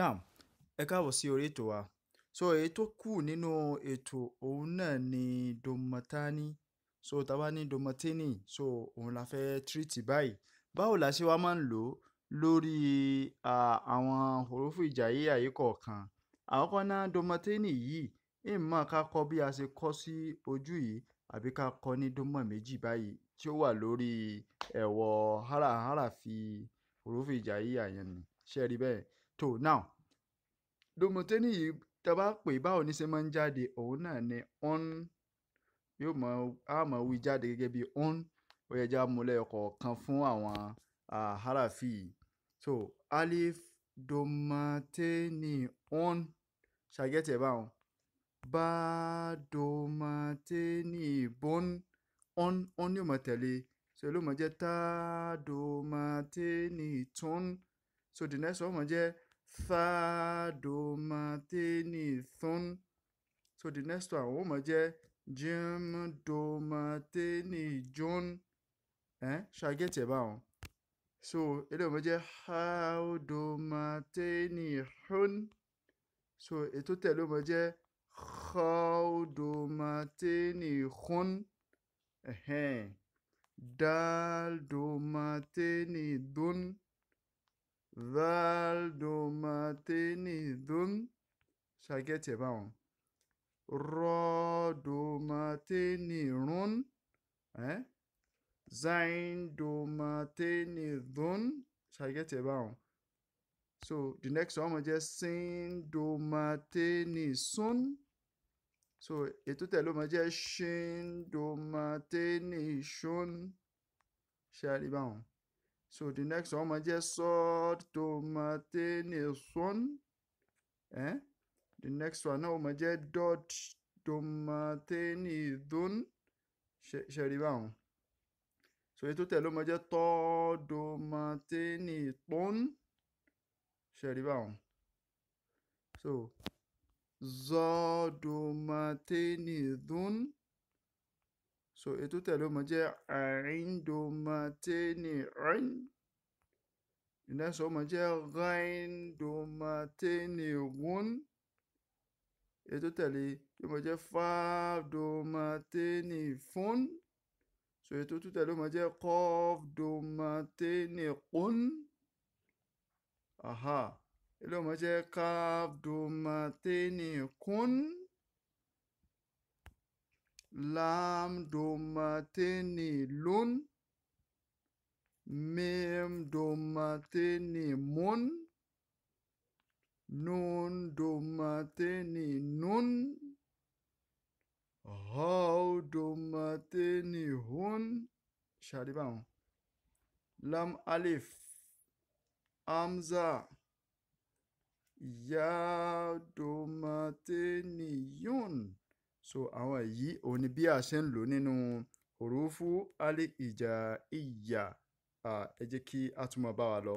now ẹ káàbọ̀ sí orí ètò wa so èyí tó kù nínú ètò òun náà ni domatani so tá ní domatani so òun la fẹ́ tírìtì báyìí báwo la ṣe wá máa ń lò ó lórí àwọn òrófù ìjàyè àyè kọ̀ọ̀kan àkọ́kọ́ náà domatani yìí ìmọ̀ ká kọ́ bí a ṣe kọ́ sí ojú yìí àbí ká kọ́ ní dómọ̀ méjì báyìí tí ó wà lórí ẹ̀wọ̀ háràhárà fi òrófù ìjàyè àyẹ̀nì ṣe rí bẹ́ẹ̀ to now domoteni yìí tá a bá pè báwo ní ṣe ń jáde òun náà ni on yóò mọ á wí jáde gẹ́gẹ́ bí on ó yẹ já múlẹ̀ kọ̀ọ̀kan fún àwọn harafi yìí so alif domoteni on ṣàgẹ́tẹ̀ báwọn bá domoteni bon on on yóò mọ tẹ̀lé so ló mọ jẹ́ tá domoteni tún so the next one mọ jẹ́ do thadomatenithun so the next one ó mọ̀ jẹ́ jimdomatenijun eh? shall get it báwọn so how eléyìí mọ̀ jẹ́ Hun? so it ètò tẹ̀lé mọ̀ jẹ́ haudomatenihun Hun. Eh dal do Dun zaldomatenidun ṣàgẹ́tì ẹ̀ báwọn rọdomatenirun eh? zaindomatenidun ṣàgẹ́tì ẹ̀ báwọn so the next one mo jẹ́ sindomatenisun so ètò tẹ̀ ló mo jẹ́ ṣindomatenisun ṣe àrí báwọn so the next one máa jẹ́ sọ́ọ̀d tomateneson eh? the next one náà máa jẹ́ dot tomatenidon ṣẹ̀rí báwọn so èyí tó tẹ̀lé ó máa jẹ́ tọ́ọ̀dọ̀mọ̀tẹ́nìtọ́n ṣẹ̀rí báwọn so zọ́ọ̀dọ̀mọ̀tẹ́nìdon. So, so ètò tẹ̀lé ọmọ jẹ́ àìndòmọ̀tẹ́nì rìn ìdásọ́ ọmọ jẹ́ rìndòmọ̀tẹ́nì wọ́n ètò tẹ̀lé ọmọ jẹ́ fàdòmọ̀tẹ́nì fún so ètò tó tẹ̀lé ọmọ jẹ́ kọ́fdòmọ̀tẹ́nì kún aha ilé ọmọ jẹ́ káfdòmọ̀tẹ́nì kún. Lam domanilon Mem do matenimon non domani non Ha domani honn cha de. Lam Ale amza ya domaion. so àwọn èyí òun ni bí a ṣe ń lò nínú hurufu al-hijaiyya ẹ jẹ́ kí a tún máa bá wa lọ.